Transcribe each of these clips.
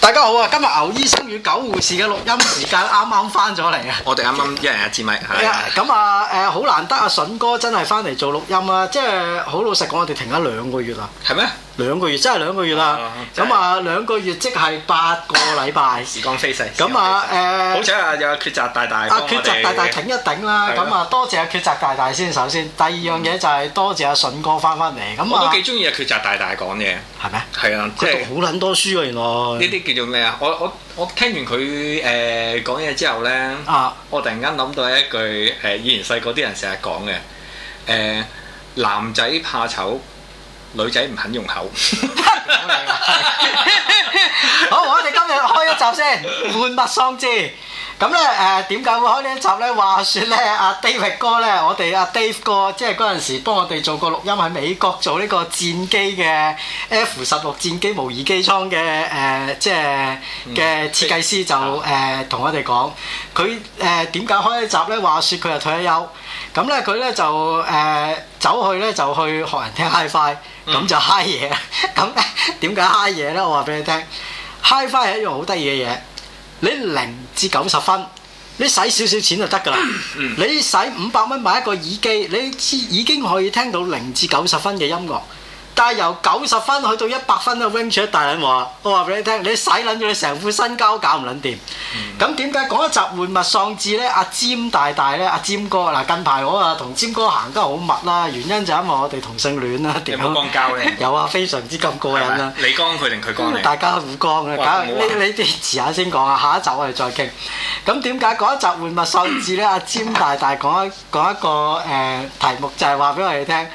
大家好啊！今日牛醫生與狗護士嘅錄音時間啱啱翻咗嚟啊！我哋啱啱一人一支咪，係 啊！咁、嗯、啊，誒、嗯，好難得啊，筍哥真係翻嚟做錄音啊！即係好老實講，我哋停咗兩個月啦，係咩？兩個月真係兩個月啦，咁啊兩個月即係八個禮拜。時光飛逝。咁啊誒，好彩啊有決擇大大。阿決擇大大頂一頂啦，咁啊多謝阿決擇大大先首先。第二樣嘢就係多謝阿順哥翻翻嚟。我都幾中意阿決擇大大講嘢，係咩？係啊，佢讀好撚多書啊原來。呢啲叫做咩啊？我我我聽完佢誒講嘢之後咧，我突然間諗到一句誒以前細個啲人成日講嘅誒男仔怕醜。女仔唔肯用口。 好，我哋今日開一集先，玩物喪志。咁咧誒，點、呃、解會開呢一集咧？話説咧，阿、啊啊、Dave 哥咧，我哋阿 Dave 哥即係嗰陣時幫我哋做過錄音喺美國做呢個戰機嘅 F 十六戰機模擬機艙嘅誒、呃，即係嘅設計師就誒同我哋講，佢誒點解開一集咧？話説佢又退咗休，咁咧佢咧就誒、呃、走去咧就去學人聽 hi-fi。咁就嗨嘢，咁點解嗨嘢呢？我話俾你聽，HiFi 係一樣好得意嘅嘢。你零至九十分，你使少少錢就得噶啦。嗯、你使五百蚊買一個耳機，你知已經可以聽到零至九十分嘅音樂。但係由九十分去到一百分嘅 Winch 大人話，我話俾你聽，你洗撚咗，你成副身交搞唔撚掂。咁點解講一集玩《玩物喪志》咧？阿尖大大咧，阿、啊、尖哥嗱，近排我啊同尖哥行得好密啦，原因就係因為我哋同性戀啦。 有冇光交咧？有啊，非常之咁過癮啦。你光佢定佢光？大家互光啊！你你哋遲下先講啊，下一集我哋再傾。咁點解講一集玩《玩物喪志》咧？阿尖大大講一講一個誒題目就，就係話俾我哋聽，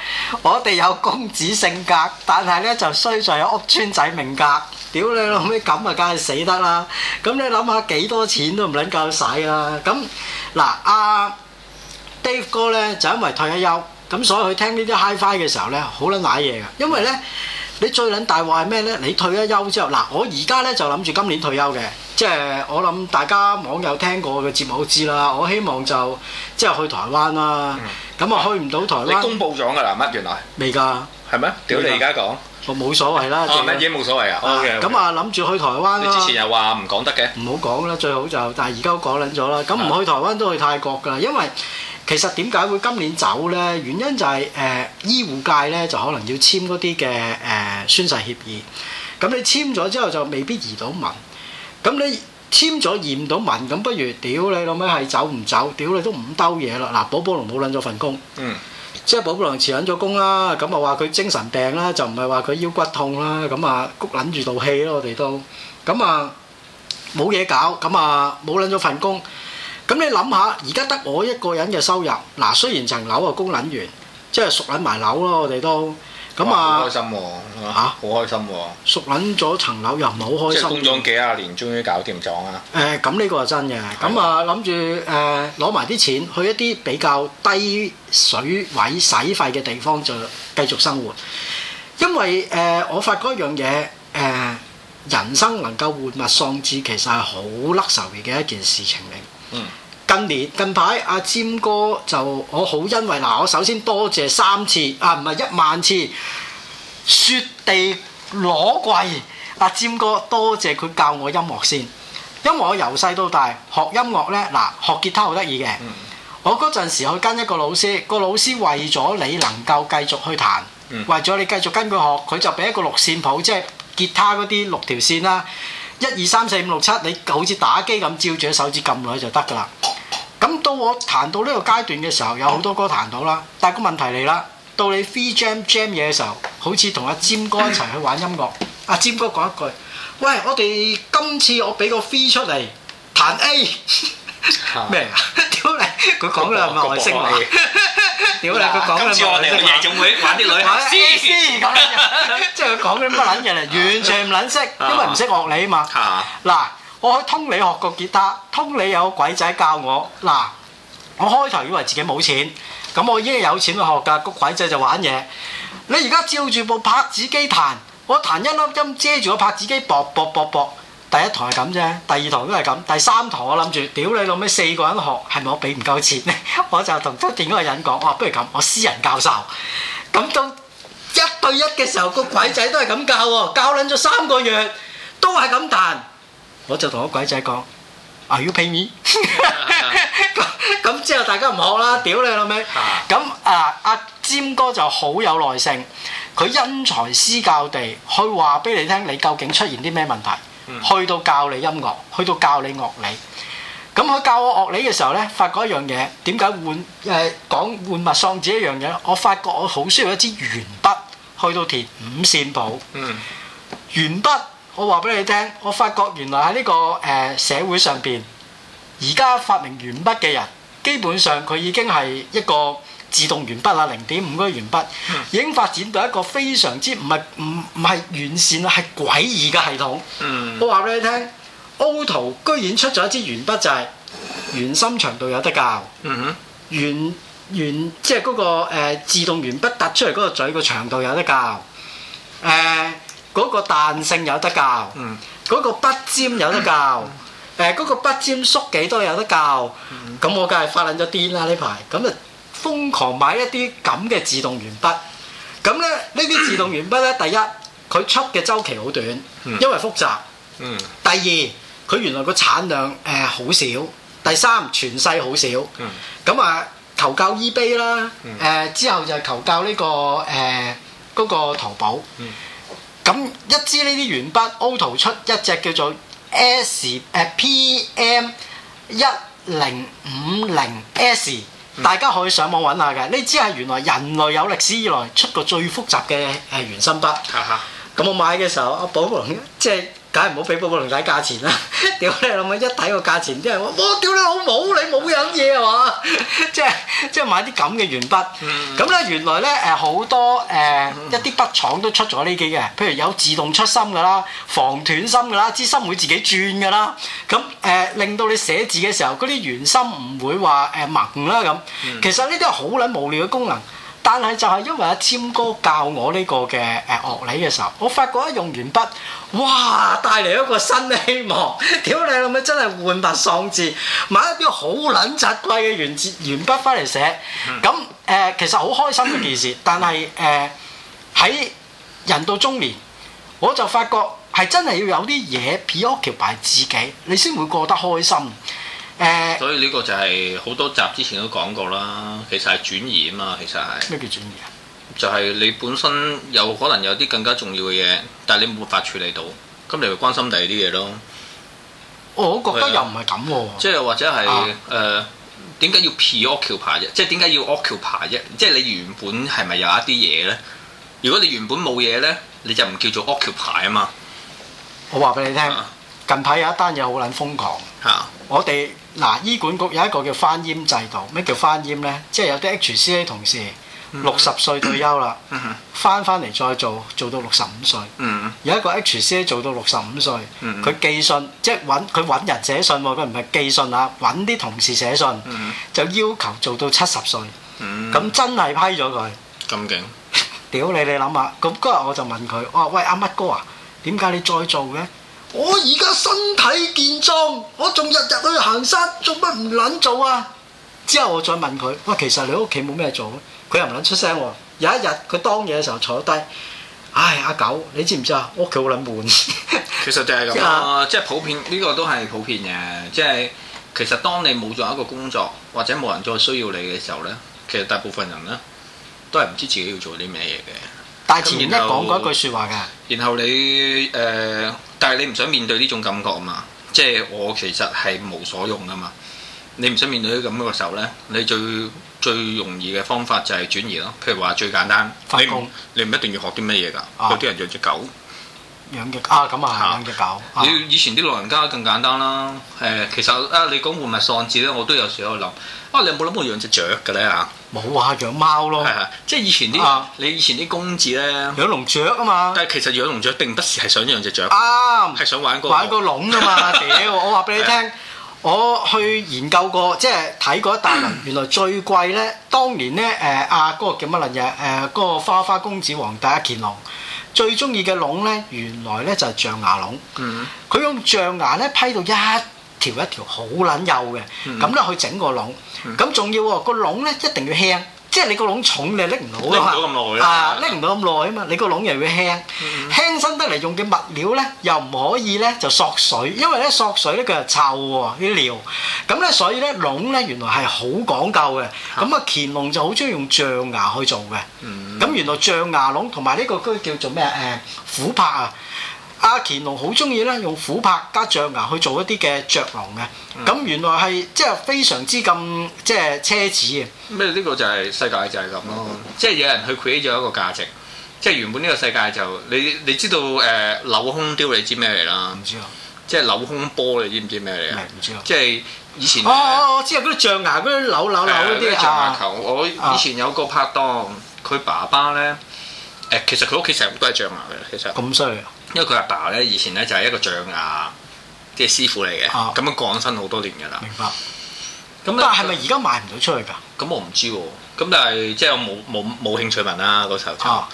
我哋有公子性格。但係咧 就衰在屋邨仔命格，屌 你老味咁啊，梗係死得啦！咁你諗下幾多錢都唔捻夠使啦！咁嗱，阿 Dave 哥咧就因為退咗休，咁所以佢聽呢啲 HiFi 嘅時候咧好捻瀨嘢噶，因為咧你最捻大話係咩咧？你退咗休之後，嗱、啊，我而家咧就諗住今年退休嘅，即係我諗大家網友聽過嘅節目都知啦。我希望就即係去台灣啦，咁、嗯、啊去唔到台灣。你公布咗噶啦乜原來未噶？係咩？屌你而家講，我冇所謂啦。啊，做乜嘢冇所謂啊？OK，咁啊，諗住去台灣咯。你之前又話唔講得嘅，唔好講啦，最好就，但係而家講撚咗啦。咁唔去台灣都去泰國㗎，因為其實點解會今年走咧？原因就係誒醫護界咧，就可能要簽嗰啲嘅誒宣誓協議。咁你簽咗之後就未必移到民。咁你簽咗驗到民，咁不如屌你老母係走唔走？屌你都唔兜嘢啦！嗱，寶寶龍冇撚咗份工。嗯。即係保不能辭撚咗工啦，咁啊話佢精神病啦，就唔係話佢腰骨痛啦，咁啊谷撚住道氣咯，我哋都咁啊冇嘢搞，咁啊冇撚咗份工，咁你諗下，而家得我一個人嘅收入，嗱雖然層樓啊供撚完，即係熟撚埋樓咯，我哋都。咁哇哇啊，好、啊啊、開心嚇、啊！好開心喎，熟撚咗層樓又唔係好開心、啊。即係供咗幾廿年，終於搞掂咗、呃、的啊！誒，咁呢個係真嘅。咁啊，諗住誒攞埋啲錢去一啲比較低水位使費嘅地方，就繼續生活。因為誒、呃，我發覺一樣嘢誒，人生能夠玩物喪志，其實係好甩愁嘅一件事情嚟。嗯。近排阿占哥就我好欣慰嗱，我首先多謝三次啊，唔係一萬次雪地裸跪。阿、啊、占哥多謝佢教我音樂先，因為我由細到大學音樂呢，嗱，學吉他好得意嘅。我嗰陣時去跟一個老師，個老師為咗你能夠繼續去彈，嗯、為咗你繼續跟佢學，佢就俾一個六線譜，即係吉他嗰啲六條線啦，一二三四五六七，你好似打機咁，照住手指撳落去就得噶啦。咁到我彈到呢個階段嘅時候，有好多歌彈到啦，但係個問題嚟啦，到你 free jam jam 嘢嘅時候，好似同阿尖哥一齊去玩音樂。阿尖哥講一句，喂，我哋今次我俾個 free 出嚟彈 A 咩？屌你！佢講嘅係咪外星嚟？屌你！佢講嘅係咪外星？唔知我哋嘅夜總會玩啲女啊？A C 講緊，即係佢講啲乜撚嘢嚟？完全唔撚識，因為唔識樂理啊嘛。嗱我去通利學個吉他，通利有鬼仔教我嗱。我開頭以為自己冇錢，咁我依家有錢去學㗎，個鬼仔就玩嘢。你而家照住部拍子機彈，我彈一粒音遮住個拍子機，搏搏搏搏。第一堂係咁啫，第二堂都係咁，第三堂我諗住屌你老味四個人學，係咪我俾唔夠錢呢？ 我就同出電嗰個人講，我不如咁，我私人教授。咁到一對一嘅時候，個鬼仔都係咁教喎。哦，教撚咗三個月都係咁彈。我就同個鬼仔講，Are you pay me，咁 之後大家唔好學啦，屌 你老味！咁 啊阿尖哥就好有耐性，佢因材施教地去話俾你聽，你究竟出現啲咩問題、嗯去。去到教你音樂，去到教你樂理。咁佢教我樂理嘅時候呢，發覺一樣嘢，點解換誒講玩物喪志一樣嘢？我發覺我好需要一支鉛筆，去到填五線譜。嗯，鉛筆。我話俾你聽，我發覺原來喺呢、這個誒、呃、社會上邊，而家發明鉛筆嘅人，基本上佢已經係一個自動鉛筆啦，零點五嗰啲鉛筆，嗯、已經發展到一個非常之唔係唔唔係完善啦，係詭異嘅系統。嗯、我話俾你聽，Auto 居然出咗一支鉛筆就係鉛芯長度有得教，鉛鉛即係嗰個，呃、自動鉛筆凸出嚟嗰個嘴個長度有得教，呃嗰個彈性有得教，嗰個筆尖有得教，誒、嗰個筆尖縮幾多有得教，咁我梗係發愣咗癲啦呢排，咁啊瘋狂買一啲咁嘅自動鉛筆，咁咧呢啲自動鉛筆咧，第一佢出嘅周期好短，因為複雜，第二佢原來個產量誒好少，第三全世好少，咁啊求教 eBay 啦，誒之後就係求教呢個誒嗰個淘寶。咁一支呢啲鉛筆，Auto 出一隻叫做 SPM 一零五零 S，嗯、 大家可以上網揾下嘅。呢支係原來人類有歷史以來出過最複雜嘅誒鉛芯筆。咁、啊、我買嘅時候，阿、啊、寶龍即係。梗係唔好俾波波龍仔價錢啦！屌你老母，一睇個價錢真係話：，我屌你老母，你冇飲嘢呀嘛？即係即係買啲咁嘅鉛筆。咁咧原來咧誒好多誒一啲筆廠都出咗呢啲嘅，譬如有自動出芯㗎啦，防斷芯㗎啦，支芯會自己轉㗎啦。咁誒令到你寫字嘅時候，嗰啲鉛芯唔會話誒掹啦咁。雷 alternative 其實呢啲係好撚無聊嘅功能。但係就係因為阿詹哥教我呢個嘅誒樂理嘅時候，我發覺咧用鉛筆，哇帶嚟一個新嘅希望。屌你老味真係玩物喪志，買一啲好撚雜貴嘅原字鉛筆翻嚟寫，咁誒、呃、其實好開心嘅件事。 但係誒喺人到中年，我就發覺係真係要有啲嘢 preoccupy 自己，你先會過得開心。呃、所以呢個就係好多集之前都講過啦，其實係轉移啊嘛，其實係咩叫轉移啊？就係你本身有可能有啲更加重要嘅嘢，但係你冇法處理到，咁你會關心第二啲嘢咯。我覺得、啊、又唔係咁。即係或者係誒，點解、啊呃、要 pre-occupy 啫？即係點解要 occupy 啫？即係你原本係咪有一啲嘢咧？如果你原本冇嘢咧，你就唔叫做 occupy 啊嘛。我話俾你聽，啊、近排有一單嘢好撚瘋狂。啊我哋嗱，醫管局有一個叫翻閹制度，咩叫翻閹呢？即係有啲 HCA 同事六十歲退休啦，翻翻嚟再做，做到六十五歲。有一個 HCA 做到六十五歲，佢寄信，即係揾佢揾人寫信喎，佢唔係寄信啊，揾啲同事寫信，就要求做到七十歲。咁真係批咗佢。咁勁？屌你！你諗下，咁嗰日我就問佢：我話喂阿乜哥啊，點解你再做嘅？我而家身體健壯，我仲日日去行山，做乜唔捻做啊？之後我再問佢：，喂，其實你屋企冇咩做啊？佢又唔捻出聲。有一日佢當嘢嘅時候坐低，唉，阿狗，你知唔知啊？屋企好捻悶。 其實就係咁樣，即係普遍呢個都係普遍嘅，即係其實當你冇咗一個工作或者冇人再需要你嘅時候咧，其實大部分人咧都係唔知自己要做啲咩嘢嘅。大自然一講嗰一句説話㗎，然後你誒、呃，但係你唔想面對呢種感覺啊嘛，即係我其實係無所用啊嘛，你唔想面對啲咁嘅時候咧，你最最容易嘅方法就係轉移咯，譬如話最簡單，功你唔一定要學啲咩嘢㗎，有啲、啊、人養隻狗。養隻啊，咁啊，啊養隻狗。啊、你以前啲老人家更簡單啦。誒、欸，其實啊，你講玩物喪志咧，我都有時喺度諗。啊，你有冇諗過養隻雀嘅咧啊？冇啊，養貓咯。係、啊、即係以前啲，啊、你以前啲公子咧。養龍雀啊嘛。但係其實養龍雀，定不時係想養隻雀。啱、啊。係想玩個。玩個籠啊嘛。屌， 我話俾你聽，我去研究過，即係睇過一大輪，嗯、原來最貴咧，當年咧，誒、呃呃呃呃呃呃、啊，嗰個叫乜撚嘢？誒，嗰個花花公子皇帝阿乾隆。最鍾意嘅籠呢，原來呢就係象牙籠，佢、嗯、用象牙呢批到一條一條好撚幼嘅，咁呢去整個籠，咁仲、嗯、要個籠呢一定要輕。即係你個籠重你拎唔到咁耐。啊拎唔、啊、到咁耐啊嘛，你個籠又要輕，嗯、輕身得嚟用嘅物料咧又唔可以咧就索水，因為咧索水咧佢又臭喎啲料，咁咧所以咧籠咧原來係好講究嘅，咁啊乾隆就好中意用象牙去做嘅，咁、嗯、原來象牙籠同埋呢個叫做咩誒、呃、琥珀啊。阿乾隆好中意咧，用琥珀加象牙去做一啲嘅雀籠嘅，咁、嗯、原來係即係非常之咁即係奢侈嘅。咁呢個就係、是、世界就係咁咯，哦、即係有人去 create 咗一個價值，即係原本呢個世界就你你知道誒、呃、鏤空雕你知咩嚟啦？唔知啊。即係鏤空波你知唔知咩嚟啊？唔知啊。即係以前。哦我知啊，嗰啲象牙嗰啲扭扭柳嗰啲象牙球，我以前有個拍檔，佢爸爸咧。誒，其實佢屋企成日都係象牙嘅，其實。咁犀利啊！因為佢阿爸咧，以前咧就係一個象牙即係師傅嚟嘅，咁、啊、樣降生好多年㗎啦。明白。咁就但係咪而家賣唔到出去㗎？咁我唔知喎、啊。咁但係即係我冇冇冇興趣問啦嗰時候就。啊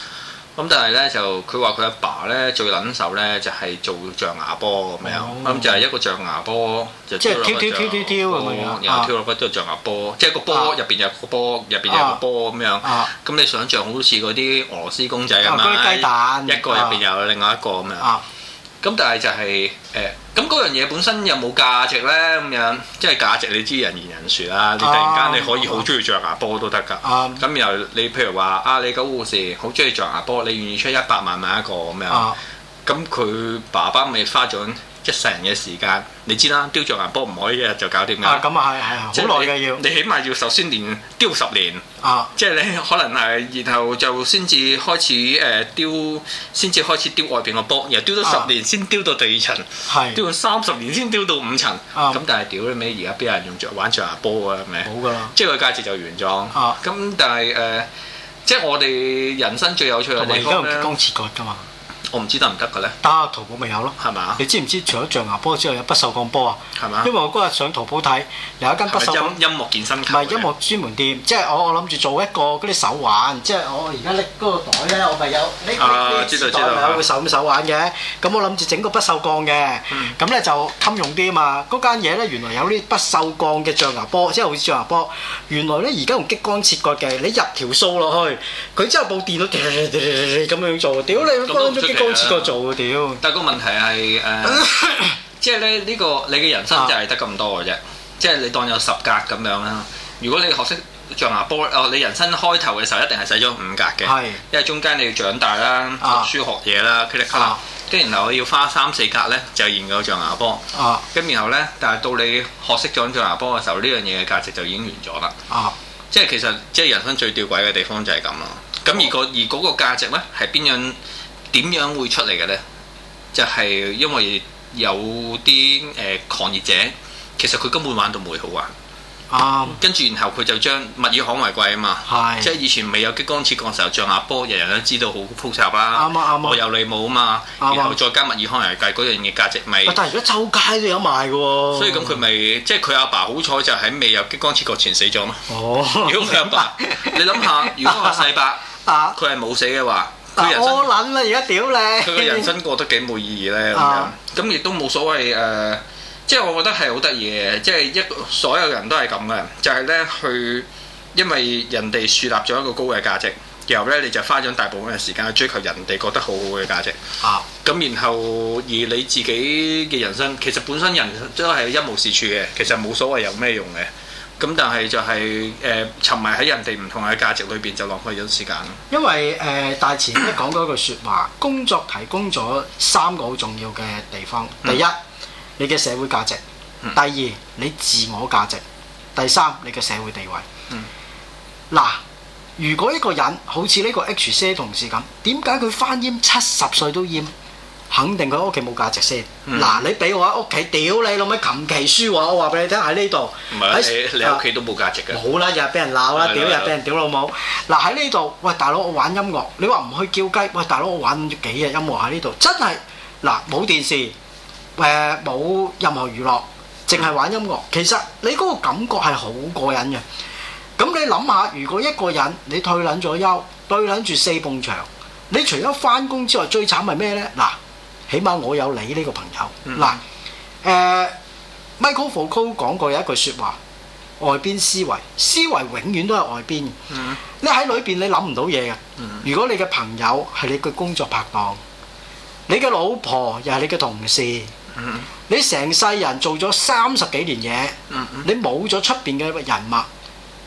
咁、嗯、但係咧就佢話佢阿爸咧最撚手咧就係、是、做象牙波咁樣，咁、嗯嗯、就係、是、一個象牙波就跳跳個象，個象啊、然後跳落個都象牙波，即係個波入邊有個波，入邊、啊、有個波咁、啊、樣。咁、啊嗯、你想像好像好似嗰啲俄羅斯公仔啊嘛，雞蛋一個入邊有另外一個咁樣。咁、啊、但係就係、是、誒。呃咁嗰樣嘢本身有冇價值呢？咁樣即係價值，你知人言人殊啦。啊、你突然間你可以好中意象牙波都得㗎。啱、啊，咁又你譬如話啊，你個護士好中意象牙波，你願意出一百萬買一個咁樣。咁佢、啊、爸爸咪花咗。一生人嘅時間，你知啦，雕象牙波唔可以一日就搞掂嘅。咁啊係，係好耐嘅要。你起碼要首先連雕十年啊，即係你可能係，然後就先至開始誒雕、呃，先至開始雕外邊個波，然後雕咗十年先雕到第二層，係雕、啊、到三十年先雕到五層。咁、啊、但係屌你尾，而家邊人用着玩象牙波啊？係咪？好噶啦，即係個價值就完裝咁、啊、但係誒、呃，即係我哋人生最有趣嘅地方咧。激光切割噶嘛。我唔知得唔得嘅咧，得，淘寶咪有咯，係嘛？你知唔知除咗象牙波之外，有不鏽鋼波啊？係嘛？因為我嗰日上淘寶睇，有一間不鏽鋼音樂健身，唔係音樂專門店，即係我我諗住做一個嗰啲手環，即係我而家拎嗰個袋咧，我咪有拎拎袋咪有個手手環嘅。咁我諗住整個不鏽鋼嘅，咁咧就襟用啲啊嘛。嗰間嘢咧原來有啲不鏽鋼嘅象牙波，即係好似象牙波。原來咧而家用激光切割嘅，你入條數落去，佢之後部電腦咁樣做，屌你！都試過做嘅屌！但係個問題係誒，即係咧呢個你嘅人生就係得咁多嘅啫。即係你當有十格咁樣啦。如果你學識象牙波哦，你人生開頭嘅時候一定係使咗五格嘅，因為中間你要長大啦，讀書學嘢啦，跟住然後我要花三四格咧，就研究象牙波。跟住然後咧，但係到你學識咗象牙波嘅時候，呢樣嘢嘅價值就已經完咗啦。即係其實即係人生最吊詭嘅地方就係咁咯。咁而個而嗰個價值咧係邊樣？點樣會出嚟嘅咧？就係、是、因為有啲誒、呃、狂熱者，其實佢根本玩到冇嘢好玩。啱、啊，跟住然後佢就將物以罕為貴啊嘛，是即係以前未有激光切割嘅時候，象牙波人人都知道好複雜啦。啱啊啱、啊啊、我有你冇啊嘛，啊然後再加物以罕為貴嗰樣嘅價值未、啊？但係而家周街都有賣嘅喎、啊。所以咁佢咪即係佢阿爸好彩就喺未有激光切割前死咗嘛。哦，如果佢阿爸，爸， 你諗下，如果阿世伯佢係冇死嘅話。我諗呀，而家屌你！佢 個人生過得幾冇意義咧咁、啊、樣，咁亦都冇所謂誒、呃，即係我覺得係好得意嘅，即係一所有人都係咁嘅，就係咧去，因為人哋樹立咗一個高嘅價值，然後咧你就花咗大部分嘅時間去追求人哋覺得好好嘅價值。啊！咁然後而你自己嘅人生其實本身人都係一無是處嘅，其實冇所謂有咩用嘅。咁但係就係、是、誒、呃、沉迷喺人哋唔同嘅價值裏邊就浪費咗時間。因為誒大、呃、前咧講咗一句説話， 工作提供咗三個好重要嘅地方。第一，你嘅社會價值；第二，你自我價值；第三，你嘅社會地位。嗱， 如果一個人好似呢個 H C 同事咁，點解佢翻厭七十歲都厭？肯定佢屋企冇價值先。嗱，你俾我喺屋企屌你老味，琴棋書畫，我話俾你聽喺呢度。唔係，喺你屋企都冇價值嘅。冇啦，又係俾人鬧啦，屌又俾人屌老母。嗱喺呢度，喂大佬，我玩音樂。你話唔去叫雞？喂大佬，我玩幾日音樂喺呢度？真係嗱，冇電視，誒冇任何娛樂，淨係玩音樂。其實你嗰個感覺係好過癮嘅。咁你諗下，如果一個人你退撚咗休，對撚住四埲牆，你除咗翻工之外，最慘係咩呢？嗱。起碼我有你呢個朋友嗱、嗯嗯呃、Michael Foucault 講過有一句説話：外邊思維，思維永遠都係外邊。嗯嗯你喺裏邊你諗唔到嘢嘅。如果你嘅朋友係你嘅工作拍檔，你嘅老婆又係你嘅同事，嗯嗯你成世人做咗三十幾年嘢，嗯嗯，你冇咗出邊嘅人脈，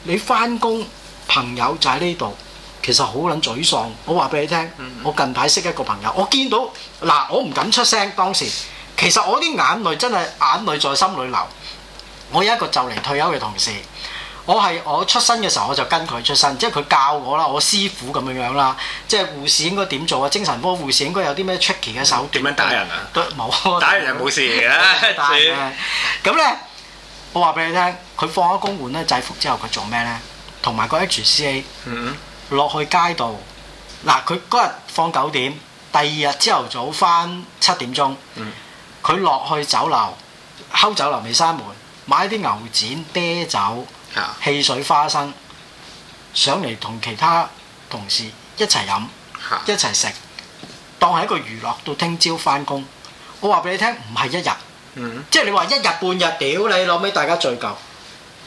你返工朋友就喺呢度。其實好撚沮喪，我話俾你聽，我近排識一個朋友，我見到嗱，我唔敢出聲當時，其實我啲眼淚真係眼淚在心裡流。我有一個就嚟退休嘅同事，我係我出身嘅時候我就跟佢出身，即係佢教我啦，我師傅咁樣樣啦，即係護士應該點做啊？精神科護士應該有啲咩出奇嘅手段？點樣打人啊？都冇打人冇事嘅，打人咁咧，我話俾你聽，佢放咗工換咧制服之後佢做咩咧？同埋個 HCA。落去街度，嗱佢嗰日放九點，第二日朝頭早翻七點鐘。佢落、嗯、去酒樓，溝酒樓未閂門，買啲牛展、啤酒、啊、汽水、花生，上嚟同其他同事一齊飲，啊、一齊食，當係一個娛樂到聽朝翻工。我話俾你聽，唔係一日，嗯、即係你話一日半日屌你老味，大家聚舊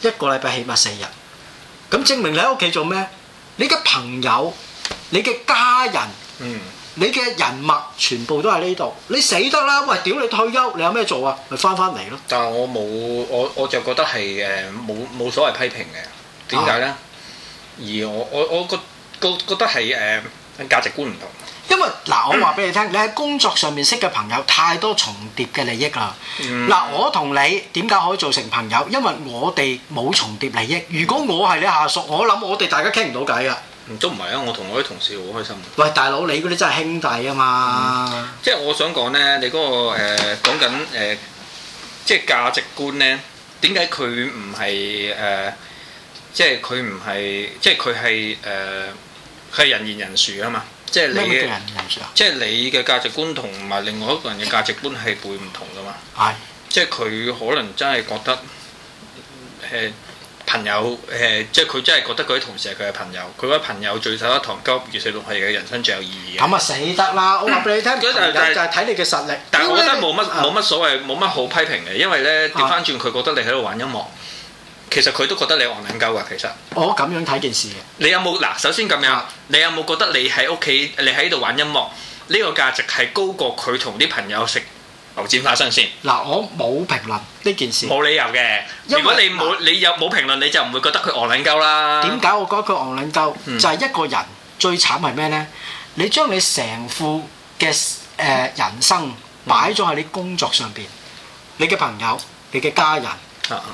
一個禮拜起碼四日，咁證明你喺屋企做咩？你嘅朋友、你嘅家人、嗯、你嘅人脈，全部都喺呢度。你死得啦！喂，屌你退休，你有咩做啊？咪翻翻嚟咯！但係我冇，我我就覺得係誒冇冇所謂批評嘅。點解咧？啊、而我我我覺覺覺得係誒價值觀唔同。因為嗱，我話俾你聽，你喺工作上面識嘅朋友太多重疊嘅利益、嗯、啦。嗱，我同你點解可以做成朋友？因為我哋冇重疊利益。如果我係你下屬，我諗我哋大家傾唔到偈嘅。都唔係啊！我同我啲同事好開心。喂，大佬，你嗰啲真係兄弟啊嘛！嗯、即係我想講呢，你嗰、嗰個誒講緊誒即係價值觀呢，點解佢唔係誒？即係佢唔係，即係佢係誒，佢、呃、係人言人殊啊嘛。即係你嘅，人啊、即係你嘅價值觀同埋另外一個人嘅價值觀係會唔同噶嘛？係的，即係佢可能真係覺得誒朋友誒，即係佢真係覺得佢啲同事係佢嘅朋友，佢、欸、覺，朋友，覺朋友聚首一堂，交五二四六係嘅人生最有意義。咁啊、嗯、死得啦！我話俾你聽，嗯、就就係、睇但你嘅實力。但係我覺得冇乜冇乜所謂，冇乜、嗯、好批評嘅，因為咧調翻轉，佢覺得你喺度玩音樂。嗯其實佢都覺得你戇撚鳩㗎，其實我咁樣睇件事。你有冇嗱？首先咁樣，你有冇覺得你喺屋企、你喺度玩音樂呢、呢個價值係高過佢同啲朋友食牛展花生先？嗱、嗯，我冇評論呢件事，冇理由嘅。如果你冇為你有冇評論，你就唔會覺得佢戇撚鳩啦。點解我覺得佢戇撚鳩？就係一個人、嗯、最慘係咩呢？你將你成副嘅誒、呃、人生擺咗喺你工作上邊，嗯、你嘅朋友、你嘅家人。嗯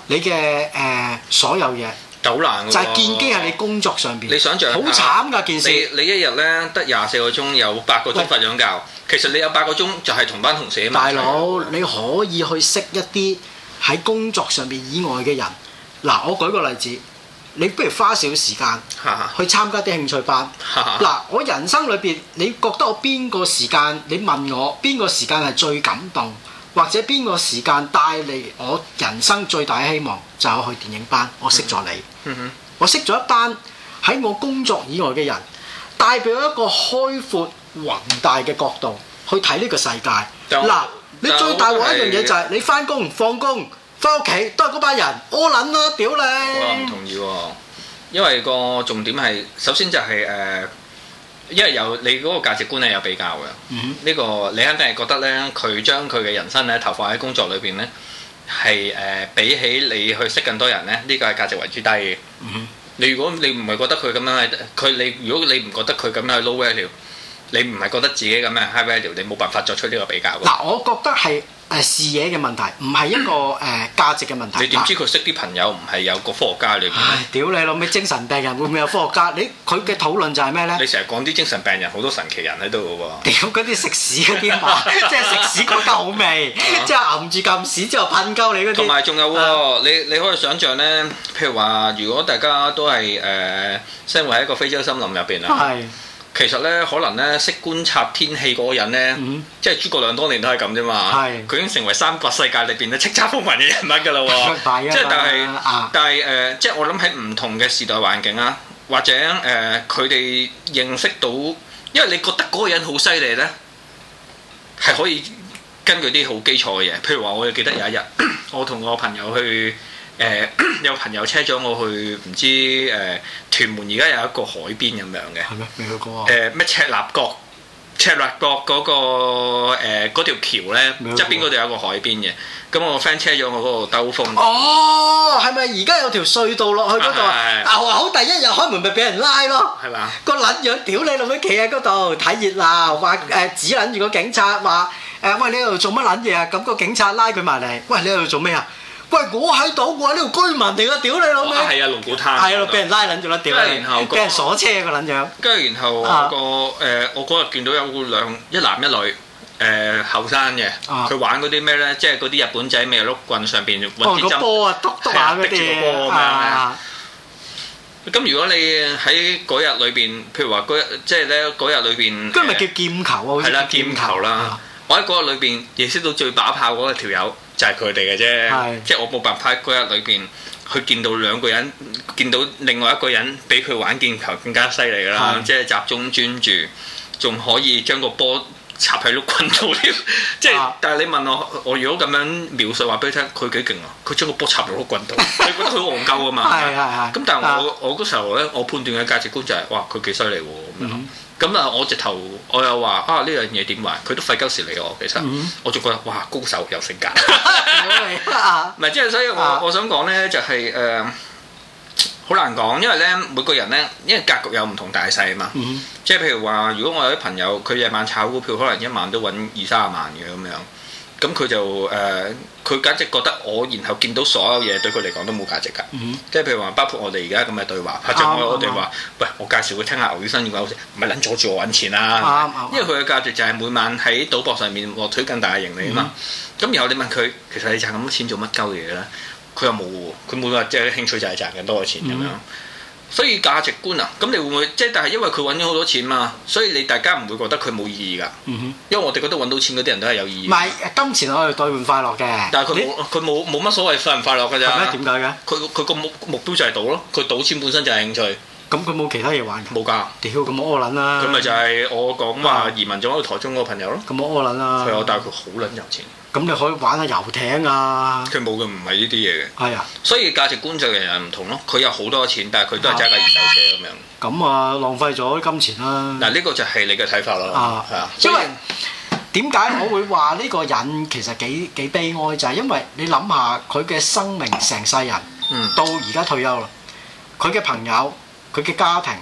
你嘅誒、呃、所有嘢就好難就係建基喺你工作上邊。你想象好慘㗎件事。你，你一日咧得廿四個鐘，有八個鐘瞓兩覺。呃、其實你有八個鐘就係同班同事大佬哥，的你可以去識一啲喺工作上邊以外嘅人。嗱，我舉個例子，你不如花少少時間去參加啲興趣班。嗱，我人生裏邊，你覺得我邊個時間？你問我邊個時間係最感動？或者邊個時間帶嚟我人生最大嘅希望？就係、是、我去電影班，我識咗你，嗯、哼我識咗一班喺我工作以外嘅人，代表一個開闊宏大嘅角度去睇呢個世界。嗱就，你最大鑊一樣嘢就係你翻工放工翻屋企都係嗰班人，我撚啦屌你！我唔同意喎、哦，因為個重點係首先就係、是、誒。呃因為有你嗰個價值觀係有比較嘅，呢、mm hmm. 這個你肯定係覺得咧，佢將佢嘅人生咧投放喺工作裏邊咧，係誒、呃、比起你去識更多人咧，呢、這個係價值為之低嘅。Mm hmm. 你如果你唔係覺得佢咁樣係，佢你如果你唔覺得佢咁樣去 low value，你唔係覺得自己咁樣 high value，你冇辦法作出呢個比較。嗱，我覺得係。係視野嘅問題，唔係一個誒、呃、價值嘅問題。你點知佢識啲朋友唔係有個科學家嚟嘅？屌你老味，精神病人會唔會有科學家？你佢嘅討論就係咩呢？你成日講啲精神病人好多神奇人喺度嘅喎。屌嗰啲食屎嗰啲嘛， 即係食屎覺得好味，啊、即係揞住金屎之後噴鳩你嗰啲。同埋仲有喎，啊、你你可以想像呢，譬如話，如果大家都係誒、呃、生活喺一個非洲森林入邊咧。 其實咧，可能咧識觀察天氣嗰個人咧，嗯、即係諸葛亮當年都係咁啫嘛。佢的已經成為三國世界裏邊咧叱咤風雲嘅人物㗎啦、呃。即係但係，但係誒，即係我諗喺唔同嘅時代環境啊，或者誒，佢、呃、哋認識到，因為你覺得嗰個人好犀利咧，係可以根據啲好基礎嘅嘢。譬如話，我記得有一日，我同我朋友去。誒有朋友車咗我去唔知誒，屯門而家有一個海邊咁樣嘅，係咩？未去過啊！誒咩赤鱲角，赤鱲角嗰個誒嗰條橋咧，側邊嗰度有一個海邊嘅。咁我 friend 車咗我嗰度兜風。哦，係咪而家有條隧道落去嗰度啊？牛啊！好第一日開門咪俾人拉咯，係嘛？個撚樣，屌你老母企喺嗰度睇熱鬧，話誒指撚住個警察話誒，喂你喺度做乜撚嘢啊？咁個警察拉佢埋嚟，喂你喺度做咩啊？喂，我喺度喎！呢度居民嚟噶，屌你老味！係啊，龍鼓灘係啊，俾人拉撚住啦，屌！跟住然後俾人鎖車嘅撚樣。跟住然後個誒，我嗰日見到有兩一男一女誒後生嘅，佢玩嗰啲咩咧？即係嗰啲日本仔咪碌棍上邊揾啲針。個波啊，篤篤下嗰啲啊！咁如果你喺嗰日裏邊，譬如話嗰日即係咧嗰日裏邊，嗰日咪叫劍球啊？係啦，劍球啦！我喺嗰日裏邊認識到最把炮嗰一條友。就係佢哋嘅啫，是的 即係我冇辦法，嗰日裏邊佢見到兩個人，見到另外一個人比佢玩劍球更加犀利㗎啦，是的 即係集中專注，仲可以將個波。插喺碌棍度，添，即係，但係你問我，我如果咁樣描述話俾你聽，佢幾勁啊？佢將個波插落個棍度， 你覺得佢戇鳩啊嘛。係係係。咁但係我我嗰時候咧，我判斷嘅價值觀就係、是，哇！佢幾犀利喎咁樣。咁啊，我直頭我又話啊，呢樣嘢點話？佢都費鳩事嚟喎。其實我就覺得哇，高手有性格 唔、就、係、是，即係所以我我想講咧，就係、是、誒。呃好難講，因為咧每個人咧，因為格局有唔同大細啊嘛。嗯、哼即係譬如話，如果我有啲朋友，佢夜晚炒股票，可能一晚都搵二三十萬嘅咁樣。咁佢就誒，佢、呃、簡直覺得我然後見到所有嘢，對佢嚟講都冇價值噶。嗯、哼即係譬如話，包括我哋而家咁嘅對話，或者我哋話，嗯、哼喂，我介紹佢聽下牛醫生點解好食，唔係撚阻住我搵錢啊！嗯哼」因為佢嘅價值就係每晚喺賭博上面獲取更大嘅盈利啊嘛。咁然後你問佢，其實你賺咁多錢做乜鳩嘢咧？佢又冇喎，佢冇話即係興趣就係賺更多嘅錢咁樣，嗯、哼所以價值觀啊，咁你會唔會即係？但係因為佢揾咗好多錢嘛，所以你大家唔會覺得佢冇意義噶。嗯、哼因為我哋覺得揾到錢嗰啲人都係有意義。唔係金錢可以兌換快樂嘅。但係佢冇，冇乜咦所謂使人快樂㗎咋？係點解嘅？佢佢個目目標就係賭咯，佢賭錢本身就係興趣。咁佢冇其他嘢玩？冇㗎的。屌、啊，咁我撲撚啦。咁咪就係我講話移民咗去台中個朋友咯。咁我撲撚啦。佢話我，但係佢好撚有錢。咁你可以玩下遊艇啊！佢冇嘅，唔係呢啲嘢嘅。係啊，所以價值觀就係人唔同咯。佢有好多錢，但係佢都係揸架二手車咁樣。咁啊，啊，浪費咗金錢啦！嗱、啊，呢、呢個就係你嘅睇法咯。啊，係啊，所以因為點解、啊、我會話呢個人其實幾幾悲哀？就係、係、因為你諗下佢嘅生命成世人，嗯，到而家退休啦。佢嘅朋友，佢嘅家庭，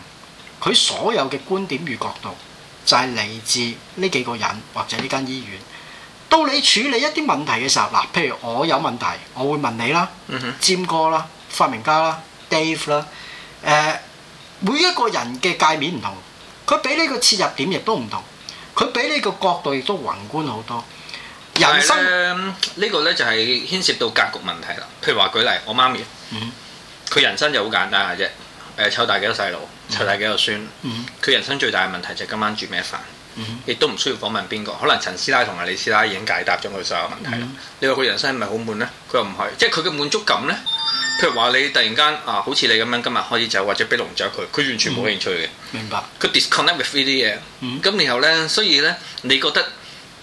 佢所有嘅觀點與角度，就係嚟自呢幾個人或者呢間醫院。到你處理一啲問題嘅時候，嗱，譬如我有問題，我會問你啦，占哥啦，God, 發明家啦，Dave 啦，誒，每一個人嘅界面唔同，佢俾呢個切入點亦都唔同，佢俾呢個角度亦都宏觀好多。人生呢、呢個咧就係牽涉到格局問題啦。譬如話舉例，我媽咪，佢、嗯、哼人生就好簡單嘅啫，誒、呃，湊大幾多細路，湊大幾多孫，佢、嗯、哼人生最大嘅問題就係今晚煮咩飯。亦都唔需要訪問邊個，可能陳師奶同阿李師奶已經解答咗佢所有問題啦。嗯嗯，你話佢人生係咪好悶咧？佢又唔係，即係佢嘅滿足感咧。譬如話你突然間啊，好似你咁樣今日開始走或者俾龍雀佢，佢完全冇興趣嘅。明白、嗯。佢、嗯、disconnect with 呢啲嘢。咁然後咧，所以咧，你覺得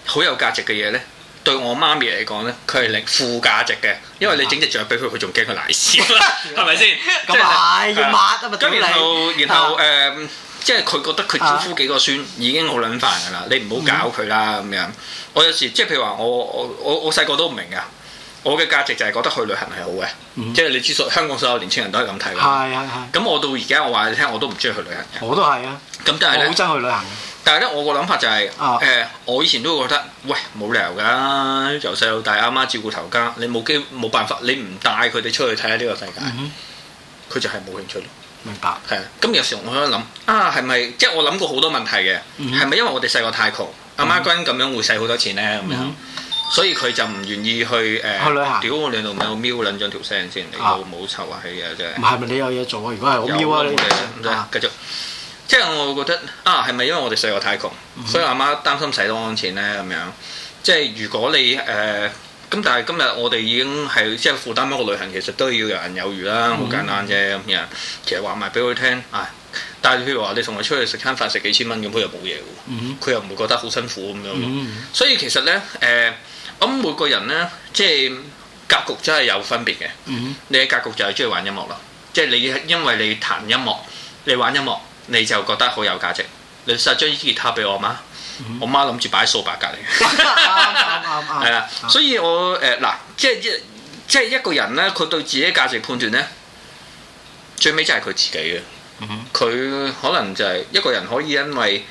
好有價值嘅嘢咧，對我媽咪嚟講咧，佢係零負價值嘅，因為你整隻雀俾佢，佢仲驚佢瀨屎啦，係咪先？咁然，然後，你然後誒。的即係佢覺得佢招呼幾個孫已經好撚煩㗎、啊、啦，你唔好搞佢啦咁樣。我有時即係譬如話，我我我我細個都唔明㗎。我嘅價值就係覺得去旅行係好嘅，嗯、即係你知所香港所有年輕人都係咁睇㗎嘛。咁、嗯、我到而家我話你聽，我都唔中意去旅行我都係啊。咁但係好憎去旅行。但係咧，我個諗法就係、是、誒、嗯呃，我以前都會覺得喂冇理由㗎，由細到大阿媽，媽照顧頭家，你冇機冇辦法，你唔帶佢哋出去睇下呢個世界，佢、嗯、就係冇興趣。明白，係咁、嗯、有時候我喺度諗，啊，係咪即係我諗過好多問題嘅？係咪因為我哋細個太窮，阿媽嗰陣咁樣會使好多錢咧咁樣，嗯、所以佢就唔願意去誒。去旅行。屌、啊、我兩度咪我瞄兩張條聲先，你都冇、啊、臭下氣嘅真係。唔係咪你有嘢做啊？如果係我瞄啊你，繼續。即係我覺得啊，係咪因為我哋細個太窮，嗯、所以阿媽，媽擔心使多啲錢咧咁樣？即係如果你誒。呃咁但係今日我哋已經係即係負擔一個旅行，其實都要有人有餘啦，好簡單啫咁樣。Mm hmm. 其實話埋俾佢聽啊，但係譬如話你同佢出去食餐飯，飯，食幾千蚊咁，佢、mm hmm. 又冇嘢喎，佢又唔會覺得好辛苦咁樣。Mm hmm. 所以其實咧，誒、呃，咁每個人咧，即係格局真係有分別嘅。Mm hmm. 你嘅格局就係鍾意玩音樂啦，即係你因為你彈音樂、你玩音樂，你就覺得好有價值。你試下將依支吉他俾我媽，mm hmm. 我媽諗住擺喺掃把隔離。Hmm. 係啦，啊、所以我誒嗱、呃，即係一即係一個人咧，佢對自己價值判斷咧，最尾真係佢自己嘅。佢、嗯、哼可能就係、是、一個人可以因為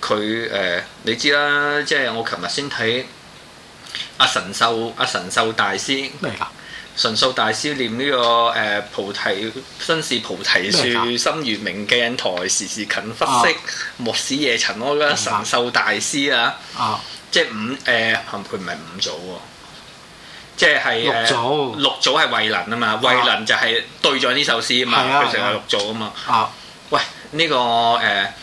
佢誒、呃，你知啦，即係我琴日先睇阿、啊、神秀，阿、啊、神秀大師、嗯、哼神秀大師念呢、這個誒、呃、菩提，身是菩提樹，心、嗯、哼如明鏡台，時時勤拂拭，莫使、嗯、哼夜惹塵埃。啊、神秀大師、嗯、哼啊！即係五誒，含佢唔係五祖喎，即係六祖。六祖係慧能啊嘛，慧能就係對咗呢首詩啊嘛，佢成日六祖啊嘛。喂，呢、這個誒呢、呃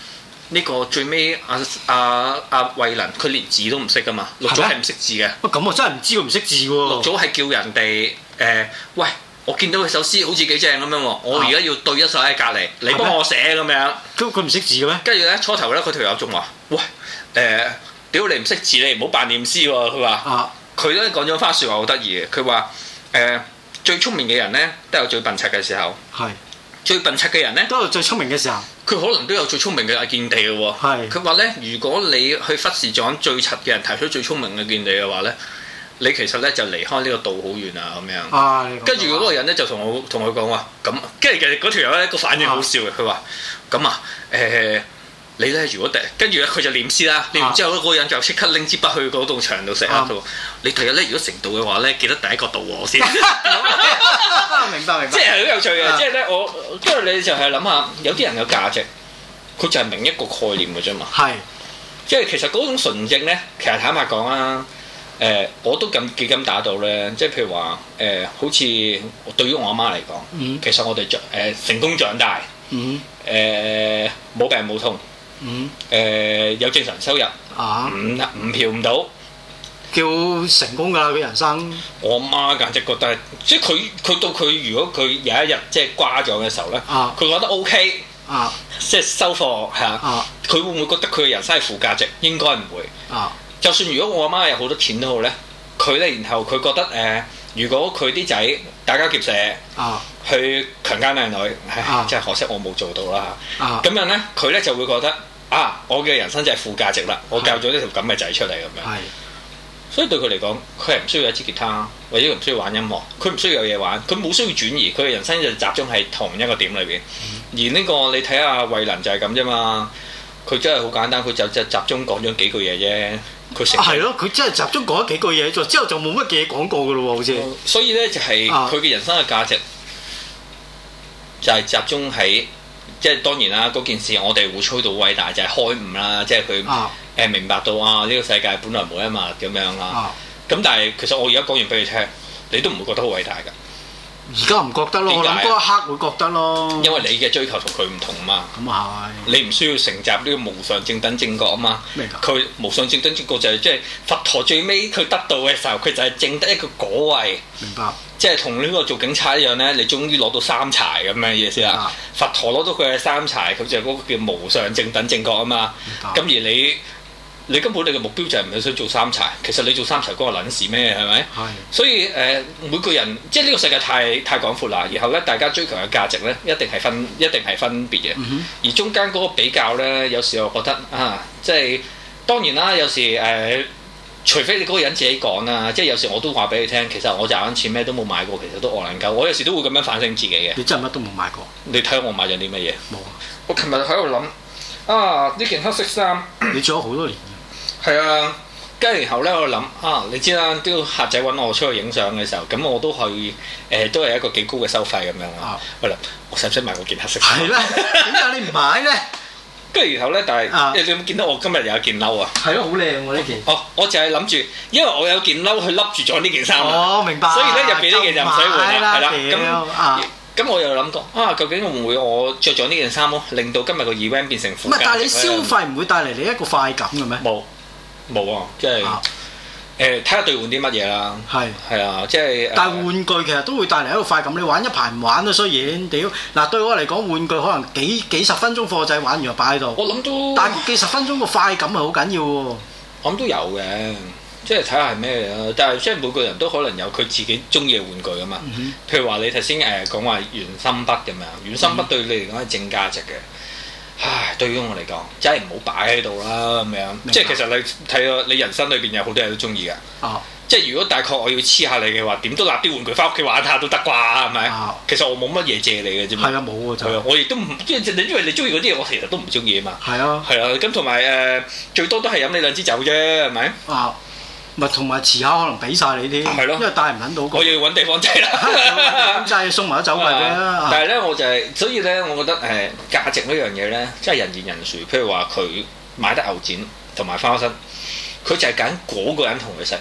這個最尾阿阿阿慧能，佢連字都唔識噶嘛，六祖係唔識字嘅。喂嗎，咁、啊、我真係唔知佢唔識字喎。六祖係叫人哋誒、呃，喂，我見到佢首詩好似幾正咁樣，啊、我而家要對一首喺隔籬，你幫我寫咁樣。咁佢唔識字嘅咩？跟住咧初頭咧，佢條友仲話：，喂，誒、呃。呃屌你唔識字，你唔好扮念詩喎！佢話啊，佢咧講咗番說話好得意嘅。佢話，誒，最聰明嘅人咧，都有最笨柒嘅時候。係是最笨柒嘅人咧，都有最聰明嘅時候。佢可能都有最聰明嘅見地嘅喎。係佢話咧，如果你去忽視咗最柒嘅人提出最聰明嘅見地嘅話咧，你其實咧就離開呢個道好遠啊！咁樣。啊！跟住嗰個人咧就同我同佢講話咁，跟住其實嗰條友咧個反應好笑嘅。佢話咁啊，誒。.你咧，如果第跟住咧，佢就念詩啦。啊、念完之後咧，嗰個人就即刻拎支筆去嗰棟牆度寫啊！你第日咧，如果成道嘅話咧，記得第一個道我先 明。明白明白。即係好有趣嘅，啊、即係咧，我即為你就係諗下，有啲人有價值，佢就係明一個概念嘅啫嘛。係是。即係其實嗰種純正咧，其實坦白講啦，誒、呃，我都咁幾咁打到咧。即係譬如話，誒、呃，好似對於我阿媽嚟講，嗯、其實我哋長誒成功長大，誒、呃、冇、呃、病冇痛。嗯，誒、呃、有正常收入啊，五五票唔到，叫成功㗎。佢人生，我媽簡直覺得，即係佢佢到佢如果佢有一日即係瓜咗嘅時候咧，佢、啊、覺得 OK 啊，即係收貨嚇，佢、啊、會唔會覺得佢嘅人生係負價值？應該唔會啊。就算如果我媽有好多錢都好咧，佢咧然後佢覺得誒。呃如果佢啲仔打交劫舍，啊、去強姦靚女，即係、啊、可惜我冇做到啦嚇。咁、啊、樣咧，佢咧就會覺得啊，我嘅人生就係負價值啦。是我教咗呢條咁嘅仔出嚟咁樣，是所以對佢嚟講，佢係唔需要一支吉他，或者唔需要玩音樂，佢唔需要有嘢玩，佢冇需要轉移，佢嘅人生就集中喺同一個點裏邊。嗯、而呢、這個你睇下慧能就係咁啫嘛，佢真係好簡單，佢就就集中講咗幾句嘢啫。佢係咯，佢、啊、真係集中講咗幾句嘢之後就冇乜嘅廣告噶咯喎，好似。所以咧就係佢嘅人生嘅價值就係集中喺即係當然啦，嗰件事我哋會吹到好偉大，就係、是、開悟啦，即係佢誒明白到啊呢、啊這個世界本來冇一物咁樣啦。咁、啊、但係其實我而家講完俾你聽，你都唔會覺得好偉大㗎。而家唔覺得咯，諗嗰一刻會覺得咯。因為你嘅追求同佢唔同嘛。咁啊係。你唔需要承襲呢個無上正等正覺啊嘛。咩佢無上正等正覺就係即係佛陀最尾佢得到嘅時候，佢就係證得一個果位。明白。即係同呢個做警察一樣咧，你終於攞到三柴咁嘅意思啦。佛陀攞到佢嘅三柴，佢就係嗰個叫無上正等正覺啊嘛。明白。咁而你。你根本你嘅目標就係唔係想做三柴？其實你做三柴嗰個撚事咩？係咪？係的。所以誒、呃，每個人即係呢個世界太太廣闊啦。然後咧，大家追求嘅價值咧，一定係分，一定係分別嘅。嗯、哼而中間嗰個比較咧，有時候我覺得啊，即係當然啦。有時誒、呃，除非你嗰個人自己講啦。即係有時我都話俾你聽，其實我賺緊錢咩都冇買過，其實都我能夠。我有時都會咁樣反省自己嘅。你真係乜都冇買過？你睇下我買咗啲乜嘢？冇有。我琴日喺度諗啊，呢件黑色衫。你著咗好多年。係啊，跟住然後咧，我諗啊，你知啦，都要客仔揾我出去影相嘅時候，咁我都可以誒，都係一個幾高嘅收費咁樣啊。我諗我使唔使買個件黑色衫？係啦，點解你唔買咧？跟住然後咧，但係你有冇見到我今日有件褸啊？係咯，好靚喎呢件。哦，我淨係諗住，因為我有件褸，去笠住咗呢件衫啊。我明白。所以咧，入邊呢件就唔使換啦，係啦。咁咁我又諗過啊，究竟會唔會我着咗呢件衫咯，令到今日個 event 變成唔係？但係你消費唔會帶嚟你一個快感嘅咩？冇。冇啊，即係誒睇下兌換啲乜嘢啦。係係是啊，即係。呃、但係玩具其實都會帶嚟一個快感，你玩一排唔玩啊，雖然屌。嗱、啊、對我嚟講，玩具可能幾幾十分鐘貨仔玩完就，擺喺度。我諗都，但係幾十分鐘個快感係好緊要喎。我諗都有嘅，即係睇下係咩啦。但係即係每個人都可能有佢自己中意嘅玩具啊嘛。譬、嗯、哼如話你頭先誒講話原心筆咁樣，原心筆對你嚟講係正價值嘅。唉，對於我嚟講，真係唔好擺喺度啦咁樣。白即係其實你睇到你人生裏邊有好多嘢都中意嘅。哦，即係如果大概我要黐下你嘅話，點都立啲玩具翻屋企玩下都得啩？係咪？哦、其實我冇乜嘢借你嘅啫。係啊，冇啊，就係啊。我亦都唔，啊、因為你因為你中意嗰啲嘢，我其實都唔中意啊嘛。係啊。係啊，咁同埋誒，最多都係飲你兩支酒啫，係咪？啊、哦。同埋遲下可能俾晒你添，啊、因為帶唔到，我要揾地方借啦，借送埋得走㗎啦。但係咧，我就係、是，所以咧，我覺得誒、呃、價值呢樣嘢咧，即係人言人殊。譬如話，佢買得牛展同埋花生，佢就係揀嗰個人同佢食。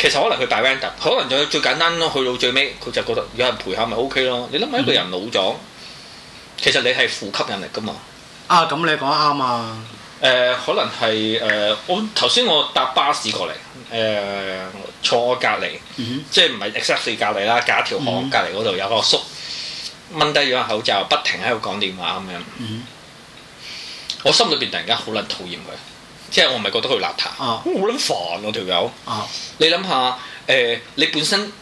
其實可能佢帶 van 搭，可能就最簡單咯。去到最尾，佢就覺得有人陪下咪 OK 咯。你諗下，一個人老咗，嗯、其實你係負吸引力㗎嘛？啊，咁你講得啱啊！誒、呃，可能係誒、呃，我頭先我搭巴士過嚟。誒、呃、坐我隔離，嗯、哼即係唔係 exactly 隔離啦，隔一條巷隔離嗰度有個叔，掹低咗個口罩，不停喺度講電話咁樣。嗯、哼我心裏邊突然間好撚討厭佢，即係我唔係覺得佢邋遢，我好撚煩我條友。這個啊、你諗下，誒、呃、你本身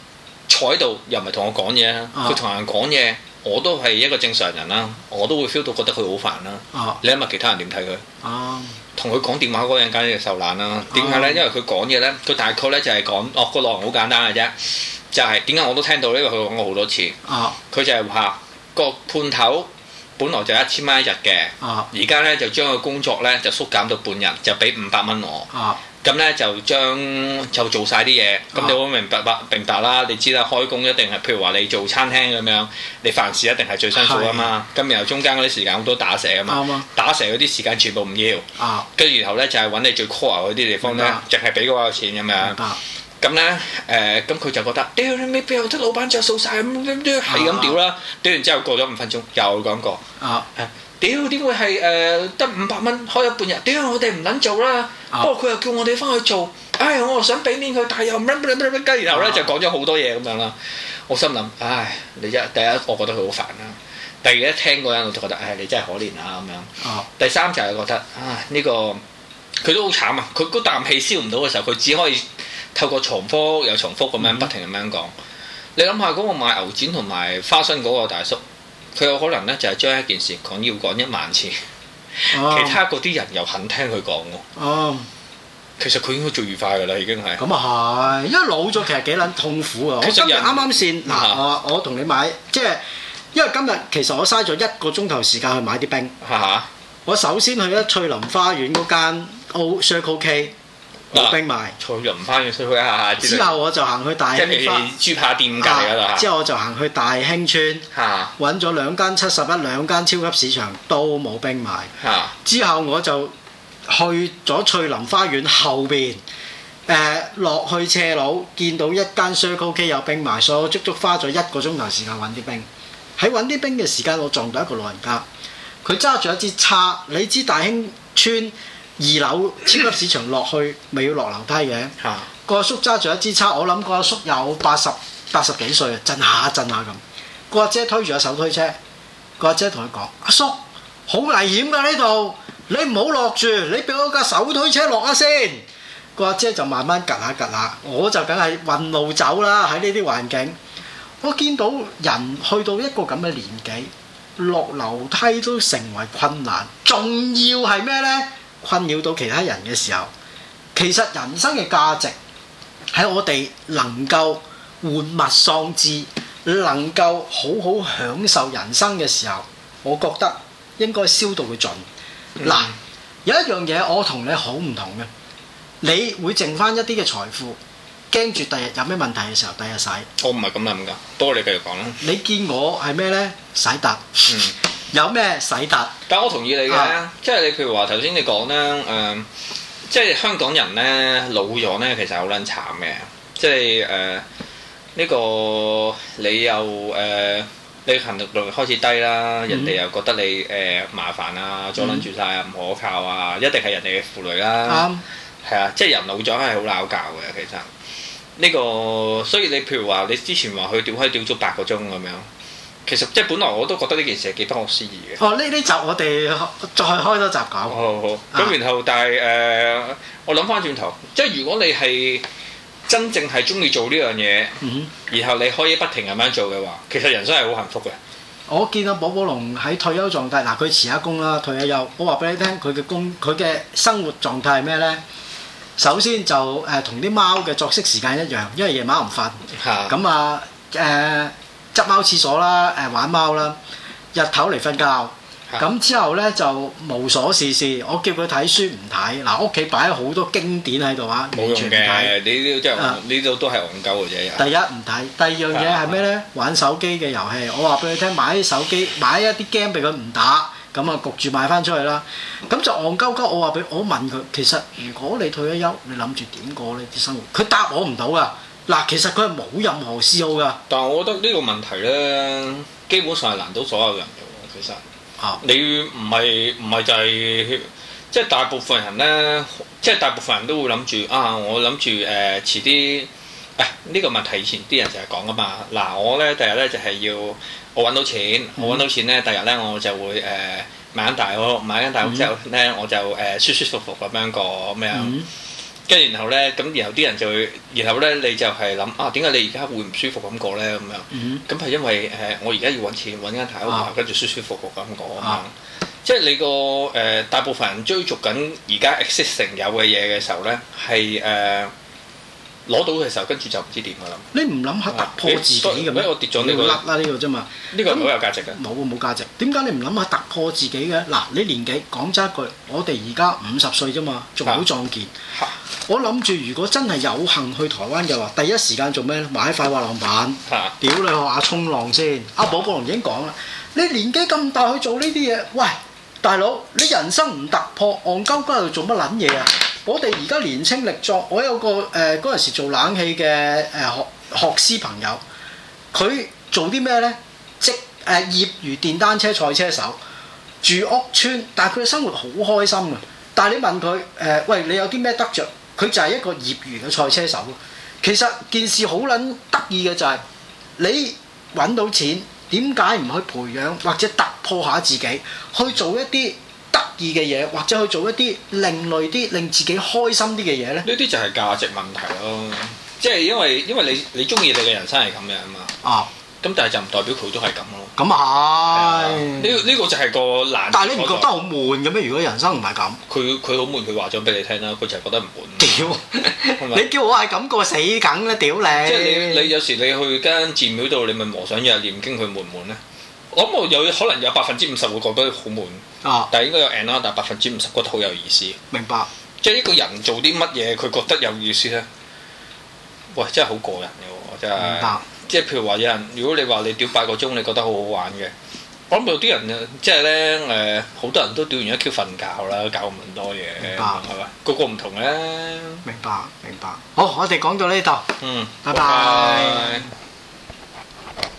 坐喺度又唔係同我講嘢，佢同、啊、人講嘢，我都係一個正常人啦，我都會 feel 到覺得佢好煩啦。啊啊、你諗下其他人點睇佢？啊同佢講電話嗰陣間你就受難啦！點解咧？因為佢講嘢咧，佢大概咧就係講，哦、個內容好簡單嘅啫，就係點解我都聽到呢個，佢講過好多次。啊！佢就係話、個判頭，本來就一千蚊一日嘅。啊！而家咧就將個工作咧就縮減到半日，就俾五百蚊我。啊！咁咧就將就做晒啲嘢，咁你好明白明白啦。你知啦，開工一定係譬如話你做餐廳咁樣，你凡事一定係最辛苦啊嘛。咁然後中間嗰啲時間我都打成啊嘛，打成嗰啲時間全部唔要。跟住然後咧就係揾你最 core 嗰啲地方咧，淨係俾嗰個錢咁樣。咁咧誒，咁佢就覺得屌你咩？邊有得老闆再數晒。」咁咁咁係咁屌啦！屌完之後過咗五分鐘又講過啊，屌點會係誒得五百蚊開咗半日？屌我哋唔撚做啦！不過佢又叫我哋翻去做，唉、哎，我又想俾面佢，但又咁樣咁樣咁樣，然後咧就講咗好多嘢咁樣啦。我心諗，唉，你一第一我覺得佢好煩啦，第二一聽嗰陣我就覺得，唉，你真係可憐啊咁樣。哦、第三就係、是、覺得，啊呢、這個佢都好慘啊，佢嗰啖氣消唔到嘅時候，佢只可以透過重複又重複咁樣不停咁樣講。嗯、你諗下嗰個賣牛展同埋花生嗰個大叔，佢有可能咧就係、是、將一件事講要講一萬次。其他嗰啲人又肯聽佢講喎。哦、嗯，其實佢應該最愉快噶啦，已經係。咁啊係，因為老咗其實幾撚痛苦剛剛啊。我今日啱啱先嗱，我同你買，即係因為今日其實我嘥咗一個鐘頭時間去買啲冰。嚇、啊、我首先去咗翠林花園嗰間 O Shake O K。冇冰賣，翠林花園衰下下。之後我就行去大興，即係豬扒店街之、啊、後我就行去大興村，揾咗兩間七十一、兩間超級市場都冇冰賣。啊、之後我就去咗翠林花園後邊，誒、呃、落去斜路，見到一間 Circle K 有冰賣，所以我足足花咗一個鐘頭時間揾啲冰。喺揾啲冰嘅時間，我撞到一個老人家，佢揸住一支叉。你知大興村？二樓超級市場落去，咪要落樓梯嘅。個阿叔揸住一支叉，我諗個阿叔有八十八十幾歲啊，震下震下咁。個阿姐推住個手推車，個阿姐同佢講：阿叔，好危險㗎呢度，你唔好落住，你俾我架手推車落下先。個阿姐就慢慢趌下趌下，我就梗係運路走啦。喺呢啲環境，我見到人去到一個咁嘅年紀，落樓梯都成為困難。重要係咩呢？困擾到其他人嘅時候，其實人生嘅價值喺我哋能夠玩物喪志，能夠好好享受人生嘅時候，我覺得應該消到佢盡。嗱、嗯，有一樣嘢我你同你好唔同嘅，你會剩翻一啲嘅財富，驚住第日有咩問題嘅時候，第日，日洗。我唔係咁諗噶，不過你繼續講啦。你見我係咩呢？洗達。嗯有咩洗達？但我同意你嘅，啊、即係你譬如話頭先你講咧，誒、呃，即係香港人咧老咗咧，其實好撚慘嘅，即係誒呢個你又誒、呃、你行動力開始低啦，嗯、人哋又覺得你誒、呃、麻煩、嗯、啊，阻撚住晒唔可靠啊，一定係人哋嘅負累啦。啱，係啊，即係人老咗係好鬧教嘅，其實呢、這個，所以你譬如話你之前話佢屌開屌足八個鐘咁樣。其實即係本來我都覺得呢件事係幾不可思議嘅。哦，呢呢集我哋再開多集搞。哦，好，好。咁、啊、然後但係誒、呃，我諗翻轉頭，即係如果你係真正係中意做呢樣嘢，嗯、哼然後你可以不停咁樣做嘅話，其實人生係好幸福嘅。我見到寶寶龍喺退休狀態，嗱佢辭下工啦，退咗休。我話俾你聽，佢嘅工佢嘅生活狀態係咩咧？首先就誒同啲貓嘅作息時間一樣，因為夜晚唔瞓。咁啊誒。執貓廁所啦，誒玩貓啦，日頭嚟瞓覺，咁之後咧就無所事事。我叫佢睇書唔睇，嗱屋企擺咗好多經典喺度啊，冇用嘅。呢啲真係呢度都係戇鳩嘅啫。第一唔睇，第二樣嘢係咩咧？玩手機嘅遊戲。我話俾佢聽，買手機買一啲 game 俾佢唔打，咁啊焗住賣翻出去啦。咁就戇鳩鳩。我話俾佢，我問佢，其實如果你退咗休，你諗住點過呢啲生活？佢答我唔到啊。嗱，其實佢係冇任何嗜好㗎。但係我覺得呢個問題咧，基本上係難到所有人嘅其實嚇，啊、你唔係唔係就係即係大部分人咧，即、就、係、是、大部分人都會諗住啊，我諗住誒遲啲，啊呢、呢個問題以前啲人成日講㗎嘛。嗱、啊，我咧第日咧就係、是、要我揾到錢，嗯、我揾到錢咧，第日咧我就會誒買間大屋，買間大屋之後咧、嗯、我就誒、呃、舒舒服服咁樣過咩啊？麼跟住，然後咧，咁然後啲人就會，然後咧你就係諗啊，點解你而家會唔舒服咁過咧？咁樣，咁係、mm hmm. 因為誒、呃，我而家要揾錢揾間大屋，跟住舒舒服服咁過，即係你個誒、呃，大部分人追逐緊而家 existing 有嘅嘢嘅時候咧，係誒。呃攞到嘅時候，跟住就唔知點啦。我你唔諗下突破自己咁樣，要甩啦呢個啫嘛。呢個好有價值嘅。冇啊，冇價值。點解你唔諗下突破自己嘅？嗱、啊，你年紀講真一句，我哋而家五十歲啫嘛，仲好壯健。啊、我諗住如果真係有幸去台灣嘅話，第一時間做咩咧？買塊滑浪板，屌、啊、你學下衝浪先。阿、啊啊、寶寶龍已經講啦，你年紀咁大去做呢啲嘢，喂，大佬你人生唔突破，戇鳩鳩喺度做乜撚嘢啊？我哋而家年青力壯。我有個誒嗰陣時做冷氣嘅誒學學師朋友，佢做啲咩呢？即誒、呃、業餘電單車賽車手，住屋村，但係佢嘅生活好開心啊。但係你問佢誒、呃、「喂，你有啲咩得着？」佢就係一個業餘嘅賽車手。其實件事好撚得意嘅就係、是、你揾到錢，點解唔去培養或者突破下自己，去做一啲得意嘅嘢，或者去做一啲另類啲，令自己開心啲嘅嘢咧？呢啲就係價值問題咯。即係因為因為你你中意你嘅人生係咁樣啊嘛。啊，咁但係就唔代表佢都係咁咯。咁啊呢呢、呢個就係個難。但係你唔覺得好悶嘅咩？如果人生唔係咁。佢佢好悶，佢話咗俾你聽啦。佢就係覺得唔悶。屌 吧， 你叫我係咁過死梗啦！屌你。即係你你有時你去間寺廟度，你咪和尚日日唸經，佢悶唔悶咧？我諗有可能有百分之五十會覺得好悶。啊！哦、但係應該有 end 啦，但係百分之五十覺得好有意思。明白，即係一個人做啲乜嘢佢覺得有意思咧？喂，真係好過癮嘅，真係。明白，即係譬如話有人，如果你話你屌八個鐘，你覺得好好玩嘅。我諗有啲人即係咧誒，好多人都屌完一 Q 瞓覺啦，搞咁多嘢，係咪明白？個個唔同嘅。明白，明白。好，我哋講到呢度。嗯，拜拜。Bye bye。